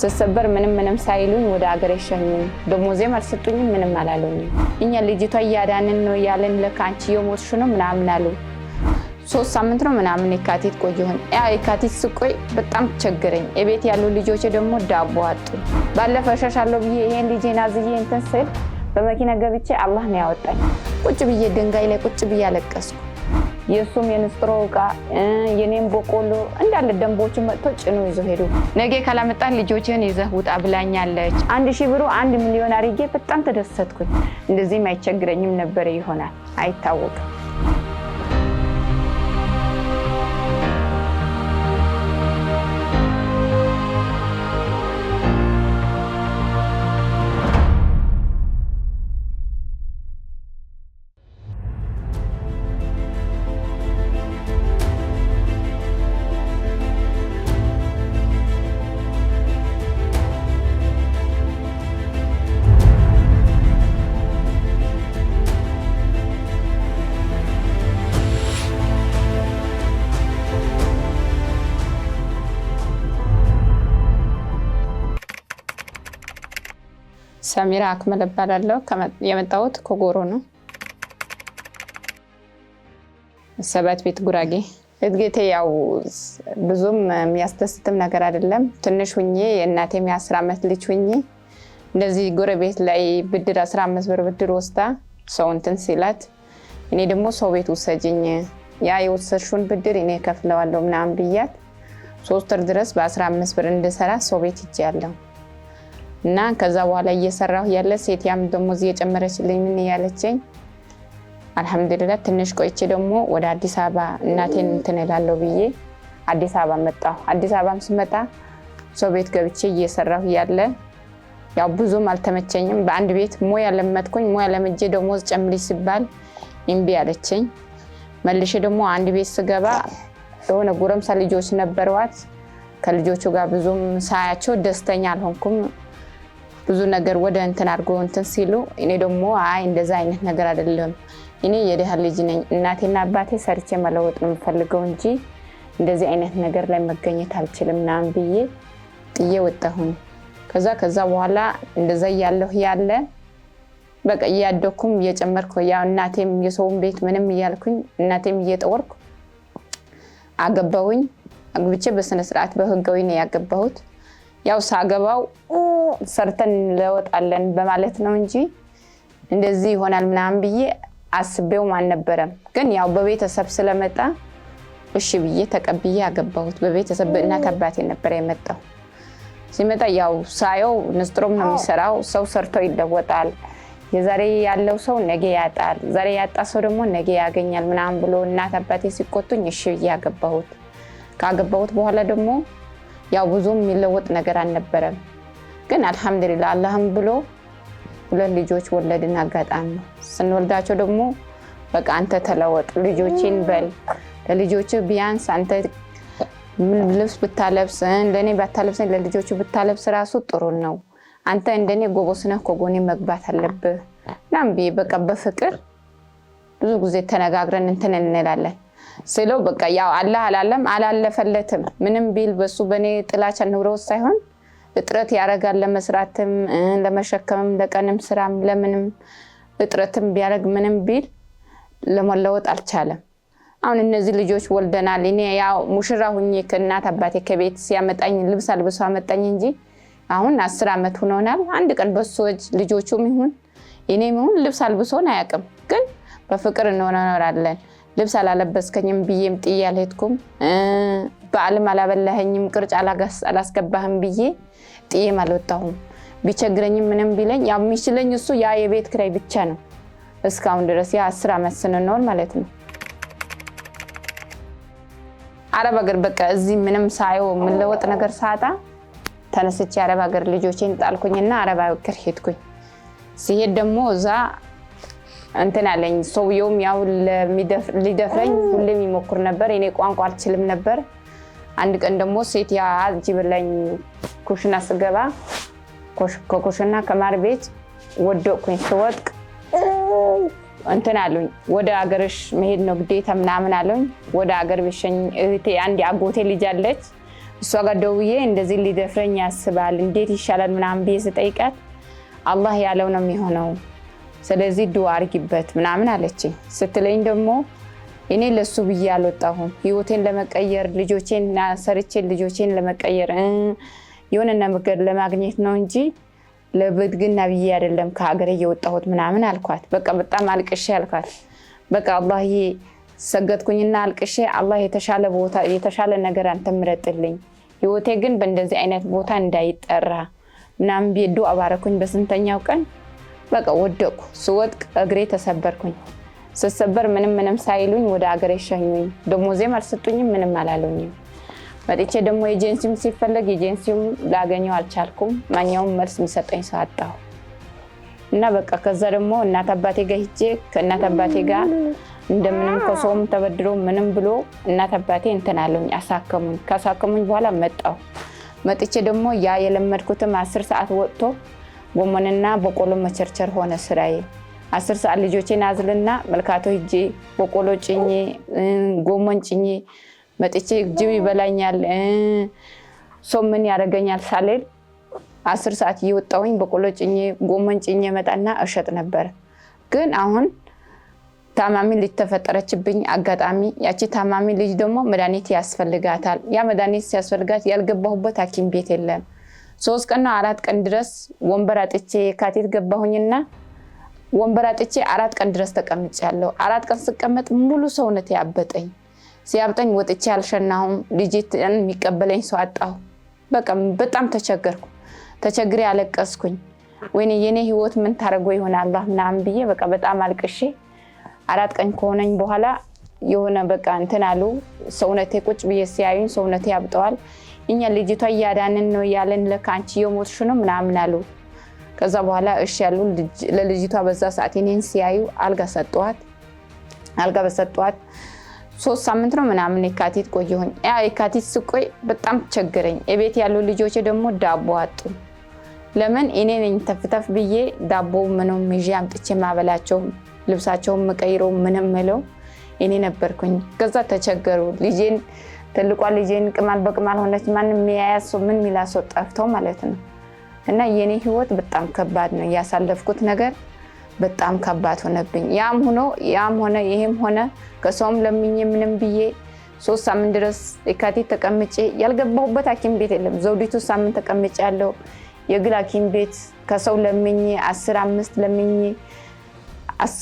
ስሰበር ምንም ምንም ሳይሉኝ ወደ አገር የሸኙኝ። ደሞዜም አልሰጡኝም፣ ምንም አላሉኝም። እኛ ልጅቷ እያዳንን ነው እያለን ለካ አንቺ ነው ምናምን አሉ። ሶስት ሳምንት ነው ምናምን የካቲት ቆየሁኝ። ያ የካቲት ስቆይ በጣም ቸግረኝ። የቤት ያሉ ልጆች ደግሞ ዳቦ አጡ። ባለፈ እሸሻለሁ ብዬ ይሄን ልጄን አዝዬ እንትን ስል በመኪና ገብቼ አላህ ነው ያወጣኝ። ቁጭ ብዬ ድንጋይ ላይ ቁጭ ብዬ አለቀስኩ። የእሱም የንስጥሮ እቃ የኔም በቆሎ እንዳለ ደንቦቹ መጥቶ ጭኖ ይዞ ሄዱ። ነገ ካላመጣን ልጆችን ይዘህ ውጣ ብላኛለች። አንድ ሺህ ብሩ አንድ ሚሊዮን አድርጌ በጣም ተደሰትኩኝ። እንደዚህም አይቸግረኝም ነበረ ይሆናል አይታወቅም። ሰሚራ አክመል እባላለሁ። የመጣሁት ከጎሮ ነው። ሰባት ቤት ጉራጌ። እድገቴ ያው ብዙም የሚያስደስትም ነገር አይደለም። ትንሽ ሁኜ የእናቴም የአስር ዓመት ልጅ ሁኜ እንደዚህ ጎረቤት ላይ ብድር አስራ አምስት ብር ብድር ወስዳ ሰው እንትን ሲላት እኔ ደግሞ ሰው ቤት ውሰጅኝ፣ ያ የወሰድሽውን ብድር እኔ ከፍለዋለሁ ምናምን ብያት ሶስት ወር ድረስ በአስራ አምስት ብር እንድሰራ ሰው ቤት ያለው እና ከዛ በኋላ እየሰራሁ ያለ ሴት ያም ደሞዝ እየጨመረችልኝ ምን ያለችኝ አልሐምዱሊላ ትንሽ ቆይቼ ደግሞ ወደ አዲስ አበባ እናቴን እንትን ብዬ አዲስ አበባ መጣሁ። አዲስ አበባም ስመጣ ሰው ቤት ገብቼ እየሰራሁ ያለ ያው ብዙም አልተመቸኝም። በአንድ ቤት ሙያ ለመጥኩኝ ሙያ ለምጄ ደሞዝ ጨምሪ ሲባል እምቢ አለችኝ። መልሼ ደግሞ አንድ ቤት ስገባ የሆነ ጉረምሳ ልጆች ነበረዋት። ከልጆቹ ጋር ብዙም ሳያቸው ደስተኛ አልሆንኩም። ብዙ ነገር ወደ እንትን አድርጎ እንትን ሲሉ፣ እኔ ደግሞ አይ እንደዛ አይነት ነገር አይደለም፣ እኔ የድሃ ልጅ ነኝ፣ እናቴና አባቴ ሰርቼ መለወጥ ነው የምፈልገው እንጂ እንደዚህ አይነት ነገር ላይ መገኘት አልችልም ናም ብዬ ጥዬ ወጣሁኝ። ከዛ ከዛ በኋላ እንደዛ እያለሁ ያለ በቃ እያደኩም እየጨመርኩ ያው እናቴም የሰውን ቤት ምንም እያልኩኝ እናቴም እየጠወርኩ አገባሁኝ። አግብቼ በስነስርዓት በህጋዊ ነው ያገባሁት። ያው ሳገባው ሰርተን እንለወጣለን በማለት ነው እንጂ እንደዚህ ይሆናል ምናምን ብዬ አስቤውም አልነበረም። ግን ያው በቤተሰብ ስለመጣ እሺ ብዬ ተቀብዬ አገባሁት። በቤተሰብ እና አባቴ ነበር የመጣው። ሲመጣ ያው ሳየው ንስጥሮም ነው የሚሰራው። ሰው ሰርቶ ይለወጣል። የዛሬ ያለው ሰው ነገ ያጣል፣ ዛሬ ያጣ ሰው ደግሞ ነገ ያገኛል ምናምን ብሎ እናት አባቴ ሲቆጡኝ እሺ ብዬ አገባሁት። ካገባሁት በኋላ ደግሞ ያው ብዙም የሚለወጥ ነገር አልነበረም። ግን አልሐምዱሊላ አላህም ብሎ ሁለት ልጆች ወለድን። አጋጣሚ ስንወልዳቸው ደግሞ በቃ አንተ ተለወጥ ልጆችን በል ለልጆች ቢያንስ አንተ ልብስ ብታለብስ ለእኔ ባታለብስ ለልጆቹ ብታለብስ ራሱ ጥሩ ነው። አንተ እንደኔ ጎበዝ ነህ፣ ከጎኔ መግባት አለብህ ናም በቃ በፍቅር ብዙ ጊዜ ተነጋግረን እንትን እንላለን። ስለው በቃ ያው አላህ አላለም አላለፈለትም። ምንም ቢል በሱ በእኔ ጥላቻ ንብረው ሳይሆን እጥረት ያደርጋል ለመስራትም ለመሸከምም ለቀንም ስራም ለምንም እጥረትም ቢያደርግ ምንም ቢል ለመለወጥ አልቻለም። አሁን እነዚህ ልጆች ወልደናል። እኔ ያው ሙሽራ ሁኜ ከእናት አባቴ ከቤት ሲያመጣኝ ልብስ አልብሶ አመጣኝ እንጂ አሁን አስር ዓመት ሆኖናል። አንድ ቀን በሶች ልጆቹም ይሁን እኔም ይሁን ልብስ አልብሶን አያውቅም። ግን በፍቅር እኖራለን። ልብስ አላለበስከኝም ብዬም ጥዬ አልሄድኩም። በዓልም አላበላኸኝም፣ ቅርጫ አላስገባህም ብዬ ጥዬም አልወጣሁም። ቢቸግረኝም ምንም ቢለኝ የሚችለኝ እሱ ያ የቤት ክራይ ብቻ ነው። እስካሁን ድረስ ያ አስር ዓመት ስንኖር ማለት ነው። አረብ ሀገር በቃ እዚህ ምንም ሳየው የምለወጥ ነገር ሳጣ ተነስቼ አረብ ሀገር ልጆቼን ጣልኩኝና አረብ ሀገር ሄድኩኝ። ሲሄድ ደግሞ እዛ እንትን አለኝ። ሰውየውም ያው ሊደፍረኝ ሁሌም ይሞክር ነበር። እኔ ቋንቋ አልችልም ነበር። አንድ ቀን ደግሞ ሴት ያጅ ብለኝ ኩሽና ስገባ ከኩሽና ከማር ቤት ወደቅኩኝ። ስወጥቅ እንትን አሉኝ፣ ወደ አገርሽ መሄድ ነው ግዴታ ምናምን አለኝ። ወደ አገር ቤሸኝ እህቴ አንድ አጎቴ ልጅ አለች። እሷ ጋር ደውዬ እንደዚህ ሊደፍረኝ ያስባል እንዴት ይሻላል ምናምን ብዬ ስጠይቃት አላህ ያለው ነው የሚሆነው ስለዚህ ዱ አርጊበት ምናምን አለችኝ። ስትለኝ ደግሞ እኔ ለሱ ብዬ አልወጣሁም። ህይወቴን ለመቀየር ልጆቼን ሰርቼ ልጆቼን ለመቀየር የሆነ ነገር ለማግኘት ነው እንጂ ለብድግና ብዬ አይደለም ከሀገር እየወጣሁት ምናምን አልኳት። በቃ በጣም አልቅሼ አልኳት። በቃ አላህ ሰገድኩኝና አልቅሼ አላህ የተሻለ ቦታ የተሻለ ነገር አንተ ምረጥልኝ፣ ህይወቴ ግን በእንደዚህ አይነት ቦታ እንዳይጠራ ምናምን ቤዱ አባረኩኝ በስንተኛው ቀን በቃ ወደቅኩ። ስወጥቅ እግሬ ተሰበርኩኝ። ስሰበር ምንም ምንም ሳይሉኝ ወደ ሀገር የሸኙኝ ደሞዜም አልሰጡኝም፣ ምንም አላሉኝም። መጥቼ ደግሞ ኤጀንሲም ሲፈለግ ኤጀንሲውም ላገኘው አልቻልኩም። ማኛውም መልስ የሚሰጠኝ ሰው አጣሁ እና በቃ ከዛ ደግሞ እናት አባቴ ጋር ሂጄ ከእናት አባቴ ጋር እንደምንም ከሰውም ተበድሮ ምንም ብሎ እናት አባቴ እንትን አለኝ አሳከሙኝ። ካሳከሙኝ በኋላ መጣሁ። መጥቼ ደግሞ ያ የለመድኩትም አስር ሰዓት ወጥቶ ጎመንና በቆሎ መቸርቸር ሆነ ስራዬ። አስር ሰዓት ልጆቼን አዝልና መልካቶ ሂጄ በቆሎ ጭኜ ጎመን ጭኜ መጥቼ ጅብ ይበላኛል፣ ሰው ምን ያደርገኛል ሳሌል አስር ሰዓት እየወጣሁኝ በቆሎ ጭኜ ጎመን ጭኜ መጣና እሸጥ ነበር። ግን አሁን ታማሚ ልጅ ተፈጠረችብኝ አጋጣሚ። ያቺ ታማሚ ልጅ ደግሞ መድኃኒት ያስፈልጋታል። ያ መድኃኒት ሲያስፈልጋት ያልገባሁበት ሐኪም ቤት የለም። ሶስት ቀን ነው አራት ቀን ድረስ ወንበር አጥቼ የካቲት ገባሁኝና ወንበር አጥቼ አራት ቀን ድረስ ተቀምጫለሁ። አራት ቀን ስቀመጥ ሙሉ ሰውነት ያበጠኝ ሲያብጠኝ ወጥቼ አልሸናሁም። ልጅን የሚቀበለኝ ሰው አጣሁ። በቃ በጣም ተቸገርኩ። ተቸግሬ አለቀስኩኝ። ወይኔ የኔ ህይወት ምን ታደርጎ ይሆን አላህ ምናምን ብዬ በቃ በጣም አልቅሼ አራት ቀን ከሆነኝ በኋላ የሆነ በቃ እንትን አሉ ሰውነቴ ቁጭ ብዬ ሲያዩኝ ሰውነቴ ያብጠዋል። እኛ ልጅቷ እያዳንን ነው እያለን ለካንቺ የሞትሽ ነው ምናምን አሉ። ከዛ በኋላ እሺ ያሉ ለልጅቷ በዛ ሰዓት እኔን ሲያዩ አልጋ ሰጠዋት። አልጋ በሰጠዋት ሶስት ሳምንት ነው ምናምን የካቲት ቆየሁኝ። ያ የካቲት ስቆይ በጣም ቸግረኝ የቤት ያሉ ልጆች ደግሞ ዳቦ አጡ። ለምን እኔ ነኝ ተፍተፍ ብዬ ዳቦ ምንም ይዤ አምጥቼ ማበላቸው ልብሳቸውን ምቀይረው ምንም ምለው እኔ ነበርኩኝ። ከዛ ተቸገሩ ልጄን ትልቋ ልጄን ቅማል በቅማል ሆነች። ማንም የሚያያዝ ሰው ምን የሚላ ሰው ጠፍተው ማለት ነው። እና የኔ ህይወት በጣም ከባድ ነው ያሳለፍኩት ነገር በጣም ከባድ ሆነብኝ። ያም ሆኖ ያም ሆነ ይሄም ሆነ ከሰውም ለምኜ ምንም ብዬ ሶስት ሳምንት ድረስ የካቲት ተቀምጬ ያልገባሁበት ሐኪም ቤት የለም። ዘውዲቱ ሳምንት ተቀምጬ ያለው የግል ሐኪም ቤት ከሰው ለምኜ አስር አምስት ለምኜ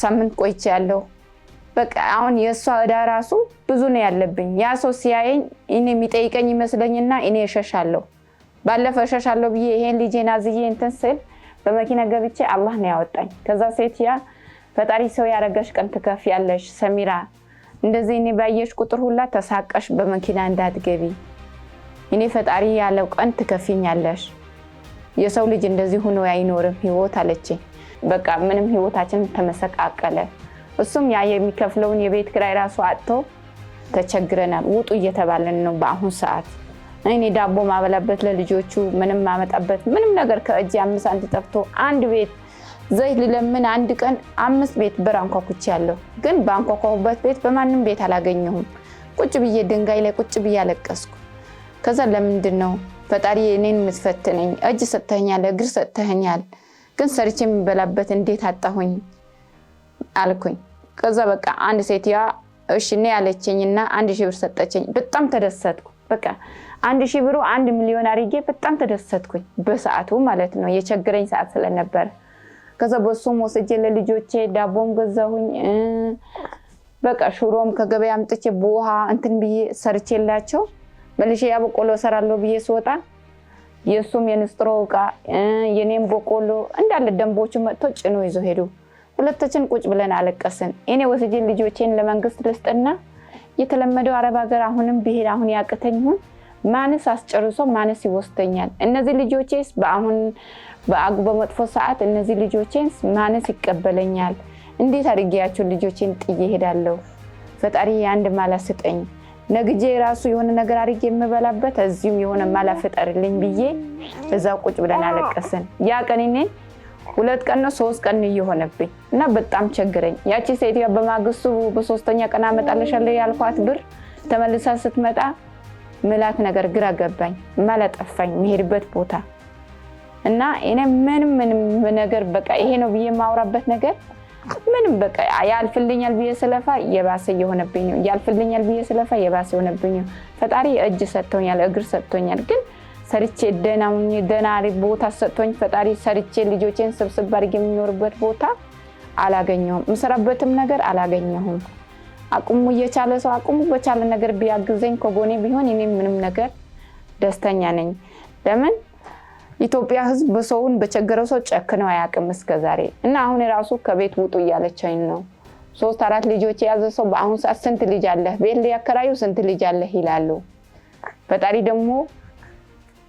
ሳምንት ቆይቼ ያለው በቃ አሁን የእሷ እዳ ራሱ ብዙ ነው ያለብኝ። ያ ሰው ሲያየኝ እኔ የሚጠይቀኝ ይመስለኝና እኔ እሸሻለሁ። ባለፈው እሸሻለሁ ብዬ ይሄን ልጄን አዝዬ እንትን ስል በመኪና ገብቼ አላህ ነው ያወጣኝ። ከዛ ሴት ያ ፈጣሪ ሰው ያደረገሽ ቀን ትከፍ ያለሽ ሰሚራ፣ እንደዚህ እኔ ባየሽ ቁጥር ሁላ ተሳቀሽ በመኪና እንዳትገቢ፣ እኔ ፈጣሪ ያለው ቀን ትከፊኛለሽ። የሰው ልጅ እንደዚህ ሆኖ አይኖርም ህይወት አለችኝ። በቃ ምንም ህይወታችን ተመሰቃቀለ። እሱም ያ የሚከፍለውን የቤት ኪራይ ራሱ አጥቶ ተቸግረናል። ውጡ እየተባለን ነው በአሁኑ ሰዓት። እኔ ዳቦ ማበላበት ለልጆቹ ምንም ማመጣበት ምንም ነገር ከእጅ አምስት አንድ ጠፍቶ አንድ ቤት ዘይት ልለምን አንድ ቀን አምስት ቤት ብር አንኳኩቼ ያለሁ ግን በአንኳኳሁበት ቤት በማንም ቤት አላገኘሁም። ቁጭ ብዬ ድንጋይ ላይ ቁጭ ብዬ አለቀስኩ። ከዛ ለምንድን ነው ፈጣሪ እኔን የምትፈትነኝ? እጅ ሰጥተኸኛል፣ እግር ሰጥተኸኛል፣ ግን ሰርቼ የሚበላበት እንዴት አጣሁኝ አልኩኝ። ከዛ በቃ አንድ ሴትያ እሺ እኔ ያለችኝ እና አንድ ሺህ ብር ሰጠችኝ። በጣም ተደሰትኩ። በቃ አንድ ሺህ ብሩ አንድ ሚሊዮን አድርጌ በጣም ተደሰትኩኝ። በሰዓቱ ማለት ነው የቸግረኝ ሰዓት ስለነበረ ከዛ በሱም ወስጄ ለልጆቼ ዳቦም ገዛሁኝ። በቃ ሽሮም ከገበያ አምጥቼ በውሃ እንትን ብዬ ሰርቼላቸው መልሼ ያ በቆሎ ሰራለሁ ብዬ ስወጣ የእሱም የንስጥሮ እቃ የኔም በቆሎ እንዳለ ደንቦቹ መጥቶ ጭኖ ይዞ ሄዱ። ሁለታችን ቁጭ ብለን አለቀስን። እኔ ወስጄን ልጆቼን ለመንግስት ልስጥና የተለመደው አረብ ሀገር አሁንም ብሄድ አሁን ያቅተኝ ሁን ማንስ አስጨርሶ ማንስ ይወስደኛል? እነዚህ ልጆቼስ በአሁን በአጉ በመጥፎ ሰዓት እነዚህ ልጆቼን ማንስ ይቀበለኛል? እንዴት አድርጌያቸው ልጆቼን ጥዬ ሄዳለሁ? ፈጣሪ አንድ ማላ ስጠኝ፣ ነግጄ ራሱ የሆነ ነገር አድርጌ የምበላበት እዚሁም የሆነ ማላ ፍጠርልኝ ብዬ እዛው ቁጭ ብለን አለቀስን። ያ ቀን ሁለት ቀን ነው ሶስት ቀን እየሆነብኝ እና በጣም ቸግረኝ። ያቺ ሴትዮዋ በማግስቱ በሶስተኛ ቀን አመጣልሻለሁ ያልኳት ብር ተመልሳ ስትመጣ ምላት ነገር ግራ ገባኝ፣ ማለጠፋኝ የሚሄድበት ቦታ እና እኔ ምንም ምንም ነገር በቃ ይሄ ነው ብዬ የማውራበት ነገር ምንም በቃ ያልፍልኛል ብዬ ስለፋ የባሰ የሆነብኝ ነው። ያልፍልኛል ብዬ ስለፋ የባሰ የሆነብኝ ነው። ፈጣሪ እጅ ሰጥቶኛል፣ እግር ሰጥቶኛል ግን ሰርቼ ደህና ደህና ቦታ ሰጥቶኝ ፈጣሪ ሰርቼ ልጆቼን ስብስብ አድርጌ የሚኖርበት ቦታ አላገኘሁም። የምሰራበትም ነገር አላገኘሁም። አቅሙ እየቻለ ሰው አቅሙ በቻለ ነገር ቢያግዘኝ ከጎኔ ቢሆን እኔ ምንም ነገር ደስተኛ ነኝ። ለምን ኢትዮጵያ ሕዝብ በሰውን በቸገረው ሰው ጨክነው አያውቅም እስከዛሬ እና አሁን የራሱ ከቤት ውጡ እያለችኝ ነው። ሶስት አራት ልጆች የያዘ ሰው በአሁኑ ሰዓት ስንት ልጅ አለህ ቤት ሊያከራዩ ስንት ልጅ አለህ ይላሉ። ፈጣሪ ደግሞ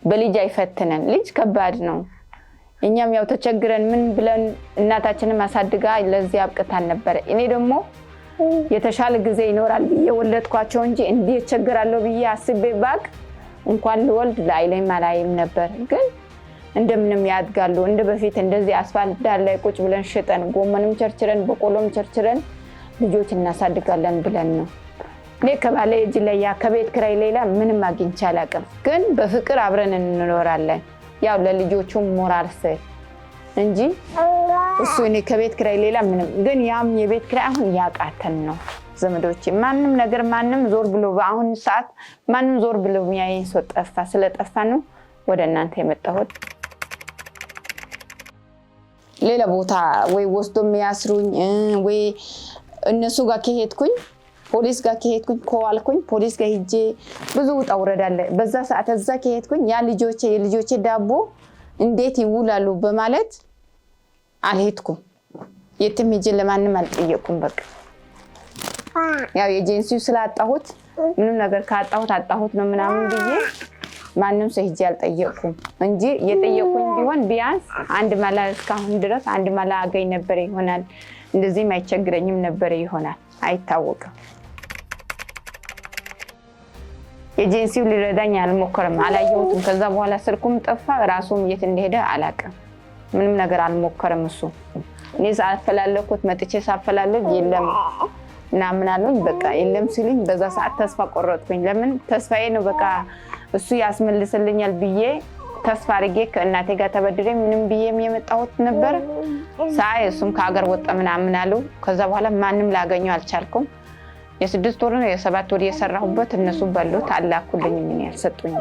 በልጅ አይፈትነን። ልጅ ከባድ ነው። እኛም ያው ተቸግረን ምን ብለን እናታችንም አሳድጋ ለዚህ አብቅታን ነበረ። እኔ ደግሞ የተሻለ ጊዜ ይኖራል ብዬ ወለድኳቸው እንጂ እንዲህ እቸግራለሁ ብዬ አስቤ ባቅ እንኳን ልወልድ ለአይለኝ አላይም ነበር። ግን እንደምንም ያድጋሉ። እንደ በፊት እንደዚህ አስፋልት ዳር ላይ ቁጭ ብለን ሽጠን ጎመንም ቸርችረን በቆሎም ቸርችረን ልጆች እናሳድጋለን ብለን ነው እኔ ከባለ እጅ ለያ ከቤት ክራይ ሌላ ምንም አግኝቼ አላውቅም። ግን በፍቅር አብረን እንኖራለን። ያው ለልጆቹ ሞራል ስል እንጂ እሱ እኔ ከቤት ክራይ ሌላ ምንም ግን ያም የቤት ክራይ አሁን እያቃተን ነው። ዘመዶች ማንም ነገር ማንም ዞር ብሎ በአሁን ሰዓት ማንም ዞር ብሎ የሚያየኝ ሰው ጠፋ። ስለጠፋ ነው ወደ እናንተ የመጣሁት። ሌላ ቦታ ወይ ወስዶ የሚያስሩኝ ወይ እነሱ ጋር ከሄድኩኝ ፖሊስ ጋር ከሄድኩኝ ከዋልኩኝ ፖሊስ ጋር ሂጄ ብዙ ውጣ ውረድ አለ። በዛ ሰዓት እዛ ከሄድኩኝ ያ ልጆቼ የልጆቼ ዳቦ እንዴት ይውላሉ በማለት አልሄድኩም። የትም ሄጄ ለማንም አልጠየቅኩም። በቃ ያው ኤጀንሲው ስላጣሁት ምንም ነገር ካጣሁት አጣሁት ነው ምናምን ብዬ ማንም ሰው ሄጄ አልጠየቅኩም እንጂ የጠየቁኝ ቢሆን ቢያንስ አንድ መላ እስካሁን ድረስ አንድ መላ አገኝ ነበረ ይሆናል። እንደዚህም አይቸግረኝም ነበረ ይሆናል። አይታወቅም። ኤጀንሲው ሊረዳኝ አልሞከረም። አላየሁትም። ከዛ በኋላ ስልኩም ጠፋ። ራሱም የት እንደሄደ አላውቅም። ምንም ነገር አልሞከረም እሱ። እኔ ሳፈላለኩት መጥቼ ሳፈላለግ የለም ምናምን አሉኝ። በቃ የለም ሲሉኝ በዛ ሰዓት ተስፋ ቆረጥኩኝ። ለምን ተስፋዬ ነው በቃ እሱ ያስመልስልኛል ብዬ ተስፋ አድርጌ ከእናቴ ጋር ተበድሬ ምንም ብዬም የመጣሁት ነበር። ሳይ እሱም ከሀገር ወጣ ምናምን አሉ። ከዛ በኋላ ማንም ላገኘው አልቻልኩም። የስድስት ወር የሰባት ወር የሰራሁበት እነሱ ባለ ታላኩልኝ ምን ያልሰጡኝ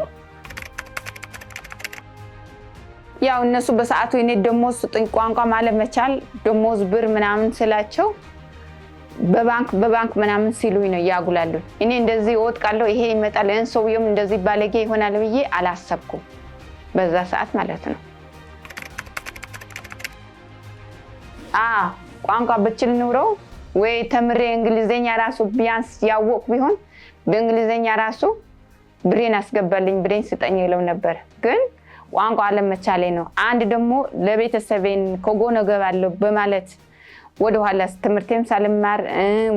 ያው እነሱ በሰዓቱ የኔ ደሞዝ ስጡኝ ቋንቋ ማለት መቻል ደሞዝ ብር ምናምን ስላቸው በባንክ በባንክ ምናምን ሲሉኝ ነው እያጉላሉ። እኔ እንደዚህ እወጥቃለሁ፣ ይሄ ይመጣል፣ ይህን ሰውየውም እንደዚህ ባለጌ ይሆናል ብዬ አላሰብኩም በዛ ሰዓት ማለት ነው። ቋንቋ ብችል ኑረው ወይ ተምሬ እንግሊዝኛ ራሱ ቢያንስ ያወቅኩ ቢሆን በእንግሊዘኛ ራሱ ብሬን አስገባልኝ ብሬን ስጠኝ ይለው ነበር። ግን ቋንቋ አለመቻሌ ነው። አንድ ደግሞ ለቤተሰቤን ከጎን እገባለሁ በማለት ወደኋላ ትምህርቴም ሳልማር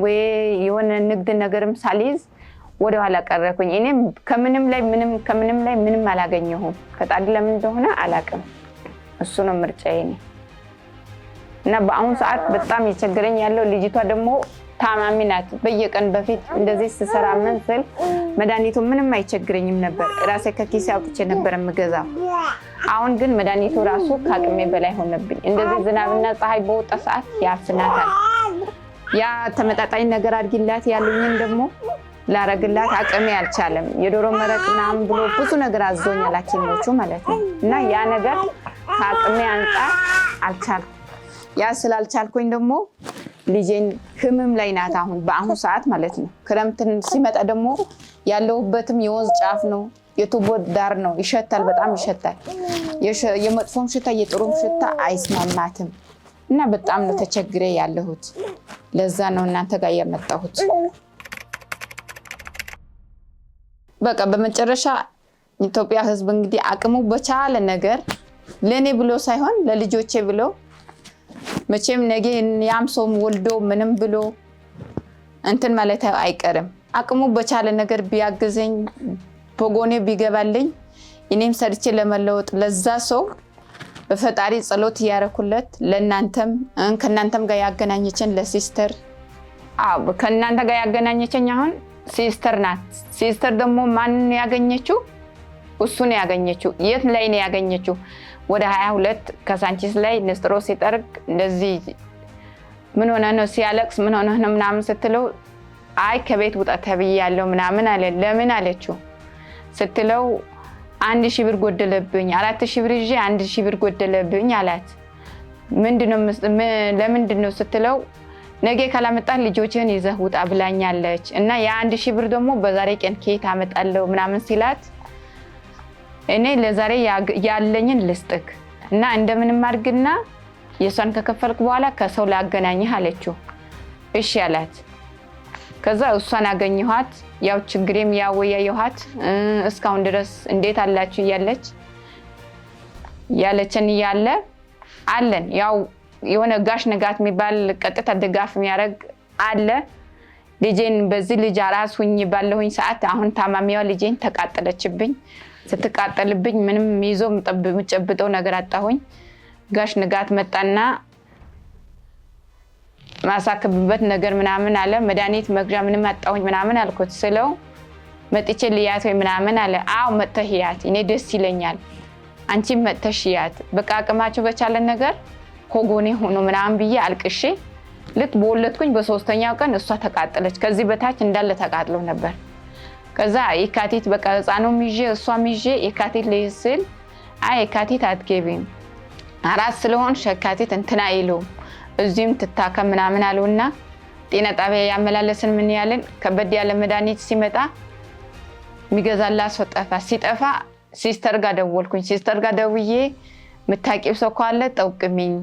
ወይ የሆነ ንግድ ነገርም ሳልይዝ ወደኋላ ቀረኩኝ። እኔም ከምንም ላይ ምንም ከምንም ላይ ምንም አላገኘሁም። ከጣድ ለምን እንደሆነ አላቅም። እሱ ነው ምርጫዬ። እና በአሁኑ ሰዓት በጣም እየቸገረኝ ያለው ልጅቷ ደግሞ ታማሚ ናት። በየቀን በፊት እንደዚህ ስሰራ ምን ስል መድኃኒቱ ምንም አይቸግረኝም ነበር፣ ራሴ ከኪሴ አውጥቼ ነበር የምገዛው። አሁን ግን መድኃኒቱ ራሱ ከአቅሜ በላይ ሆነብኝ። እንደዚህ ዝናብና ፀሐይ በወጣ ሰዓት ያፍናታል። ያ ተመጣጣኝ ነገር አድርጊላት ያሉኝን ደግሞ ላረግላት አቅሜ አልቻለም። የዶሮ መረቅ ምናምን ብሎ ብዙ ነገር አዞኛል ሐኪሞቹ ማለት ነው እና ያ ነገር ከአቅሜ አንጻር አልቻልኩም። ያ ስላልቻልኩኝ ደግሞ ልጄን ህመም ላይ ናት አሁን በአሁኑ ሰዓት ማለት ነው። ክረምትን ሲመጣ ደግሞ ያለሁበትም የወንዝ ጫፍ ነው፣ የቱቦ ዳር ነው። ይሸታል፣ በጣም ይሸታል። የመጥፎም ሽታ የጥሩም ሽታ አይስማማትም እና በጣም ነው ተቸግሬ ያለሁት። ለዛ ነው እናንተ ጋር የመጣሁት። በቃ በመጨረሻ ኢትዮጵያ ህዝብ እንግዲህ አቅሙ በቻለ ነገር ለእኔ ብሎ ሳይሆን ለልጆቼ ብሎ መቼም ነገ ያም ሰውም ወልዶ ምንም ብሎ እንትን ማለት አይቀርም። አቅሙ በቻለ ነገር ቢያግዘኝ በጎኔ ቢገባልኝ እኔም ሰርቼ ለመለወጥ ለዛ ሰው በፈጣሪ ጸሎት እያረኩለት ለእናንተም ከእናንተም ጋር ያገናኘችን ለሲስተር ከእናንተ ጋር ያገናኘችኝ አሁን ሲስተር ናት። ሲስተር ደግሞ ማንን ያገኘችው? እሱን ያገኘችው። የት ላይ ነው ያገኘችው? ወደ 22 ከሳንቺስ ላይ ንስጥሮ ሲጠርግ እንደዚህ ምን ሆነ ነው ሲያለቅስ፣ ምን ሆነ ነው ምናምን ስትለው አይ ከቤት ውጣ ተብያለሁ ምናምን አለ። ለምን አለችው ስትለው አንድ ሺህ ብር ጎደለብኝ፣ አራት ሺህ ብር ይዤ አንድ ሺህ ብር ጎደለብኝ አላት። ለምንድን ነው ስትለው ነገ ካላመጣት ልጆችህን ይዘህ ውጣ ብላኛለች እና የአንድ ሺህ ብር ደግሞ በዛሬ ቀን ከየት አመጣለሁ ምናምን ሲላት እኔ ለዛሬ ያለኝን ልስጥክ እና እንደምንም አድርግና የእሷን ከከፈልክ በኋላ ከሰው ላገናኝህ አለችው። እሺ አላት። ከዛ እሷን አገኘኋት። ያው ችግሬም ያወያየኋት እስካሁን ድረስ እንዴት አላችሁ እያለች ያለችን እያለ አለን። ያው የሆነ ጋሽ ንጋት የሚባል ቀጥታ ድጋፍ የሚያደርግ አለ። ልጄን በዚህ ልጅ አራስ ሁኝ ባለሁኝ ሰዓት አሁን ታማሚዋ ልጄን ተቃጠለችብኝ። ስትቃጠልብኝ ምንም ይዞ የምጨብጠው ነገር አጣሁኝ። ጋሽ ንጋት መጣና ማሳክብበት ነገር ምናምን አለ። መድኃኒት መግዣ ምንም አጣሁኝ ምናምን አልኩት ስለው መጥቼ ልያት ወይ ምናምን አለ። አዎ መጥተህ ያት፣ እኔ ደስ ይለኛል። አንቺም መጥተሽ ያት፣ በቃ አቅማቸው በቻለን ነገር ከጎኔ ሆኖ ምናምን ብዬ አልቅሼ ልክ በወለድኩኝ በሶስተኛው ቀን እሷ ተቃጠለች። ከዚህ በታች እንዳለ ተቃጥለው ነበር። ከዛ የካቲት በቃ ህፃኑም ይዤ እሷም ይዤ የካቲት ልይዝ ስል አይ የካቲት አትገቢም አራት ስለሆን የካቲት እንትና የለውም እዚህም ትታከም ምናምን አሉና ጤና ጣቢያ ያመላለስን ምን ያለን ከበድ ያለ መድኃኒት ሲመጣ የሚገዛላ ሰው ጠፋ። ሲጠፋ ሲስተር ጋር ደወልኩኝ። ሲስተር ጋር ደውዬ የምታውቂው ሰው ካለ ጠውቅሚኝ፣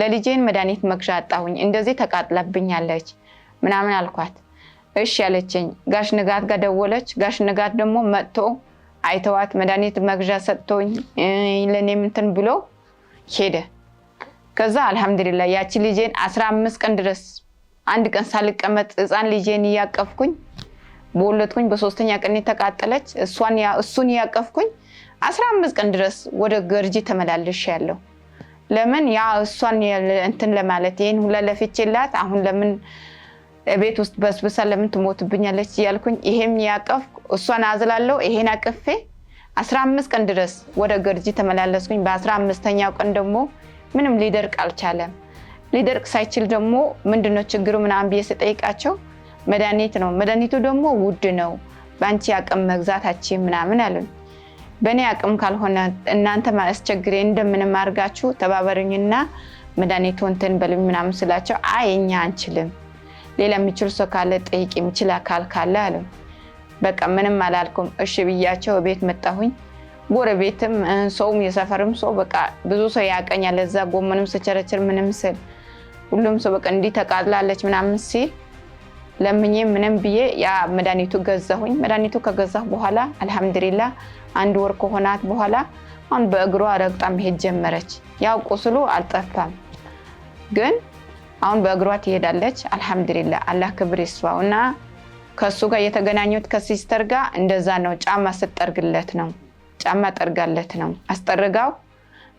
ለልጄን መድኃኒት መግዣ አጣሁኝ፣ እንደዚህ ተቃጥላብኛለች ምናምን አልኳት። እሺ ያለችኝ። ጋሽ ንጋት ጋር ደወለች። ጋሽ ንጋት ደግሞ መጥቶ አይተዋት መድኃኒት መግዣ ሰጥቶኝ ለእኔ ምንትን ብሎ ሄደ። ከዛ አልሐምዱሊላ ያቺ ልጄን አስራ አምስት ቀን ድረስ አንድ ቀን ሳልቀመጥ ህፃን ልጄን እያቀፍኩኝ በወለድኩኝ በሶስተኛ ቀን ተቃጠለች። እሱን እያቀፍኩኝ አስራ አምስት ቀን ድረስ ወደ ገርጂ ተመላልሽ ያለው ለምን ያ እሷን እንትን ለማለት ይህን ሁላ ለፍቼላት አሁን ለምን ቤት ውስጥ በስብሳ ለምን ትሞትብኛለች እያልኩኝ ይሄም ያቀፍኩ እሷን አዝላለሁ። ይሄን አቅፌ አስራ አምስት ቀን ድረስ ወደ ገርጂ ተመላለስኩኝ። በአስራ አምስተኛው ቀን ደግሞ ምንም ሊደርቅ አልቻለም። ሊደርቅ ሳይችል ደግሞ ምንድነው ችግሩ ምናምን ብዬ ስጠይቃቸው መድኃኒት ነው፣ መድኃኒቱ ደግሞ ውድ ነው፣ በአንቺ አቅም መግዛታችን ምናምን አሉኝ። በእኔ አቅም ካልሆነ እናንተ አስቸግሬ እንደምንም አድርጋችሁ ተባበሩኝና መድኃኒቱ እንትን በሉኝ ምናምን ስላቸው አይ እኛ አንችልም ሌላ የሚችል ሰው ካለ ጠይቅ፣ የሚችል አካል ካለ አለ። በቃ ምንም አላልኩም። እሺ ብያቸው ቤት መጣሁኝ። ጎረቤትም ሰውም የሰፈርም ሰው በቃ ብዙ ሰው ያቀኛል። እዛ ጎመንም ስቸረችር ምንም ስል ሁሉም ሰው በቃ እንዲህ ተቃጥላለች ምናምን ሲል ለምኜ ምንም ብዬ ያ መድኃኒቱ ገዛሁኝ። መድኃኒቱ ከገዛሁ በኋላ አልሐምዱሊላ አንድ ወር ከሆናት በኋላ አሁን በእግሯ ረግጣ መሄድ ጀመረች። ያው ቁስሉ አልጠፋም ግን አሁን በእግሯ ትሄዳለች። አልሐምዱሊላ አላህ ክብር ይስዋው እና ከእሱ ጋር የተገናኙት ከሲስተር ጋር እንደዛ ነው። ጫማ ስጠርግለት ነው ጫማ ጠርጋለት ነው አስጠርጋው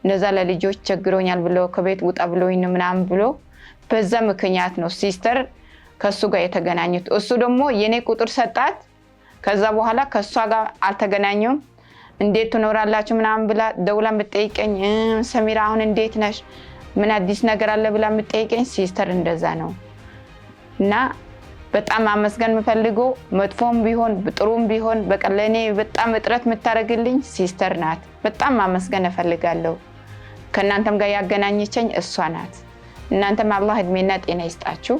እንደዛ ለልጆች ቸግሮኛል ብሎ ከቤት ውጣ ብሎኝ ምናምን ብሎ በዛ ምክንያት ነው ሲስተር ከእሱ ጋር የተገናኙት። እሱ ደግሞ የእኔ ቁጥር ሰጣት። ከዛ በኋላ ከእሷ ጋር አልተገናኙም። እንዴት ትኖራላችሁ ምናምን ብላ ደውላ ምጠይቀኝ ሰሚራ አሁን እንዴት ነሽ ምን አዲስ ነገር አለ ብላ የምጠይቀኝ ሲስተር እንደዛ ነው እና በጣም አመስገን የምፈልገው መጥፎም ቢሆን ጥሩም ቢሆን በቃ ለእኔ በጣም እጥረት የምታደርግልኝ ሲስተር ናት። በጣም ማመስገን እፈልጋለሁ። ከእናንተም ጋር ያገናኘችኝ እሷ ናት። እናንተም አላህ እድሜና ጤና ይስጣችሁ።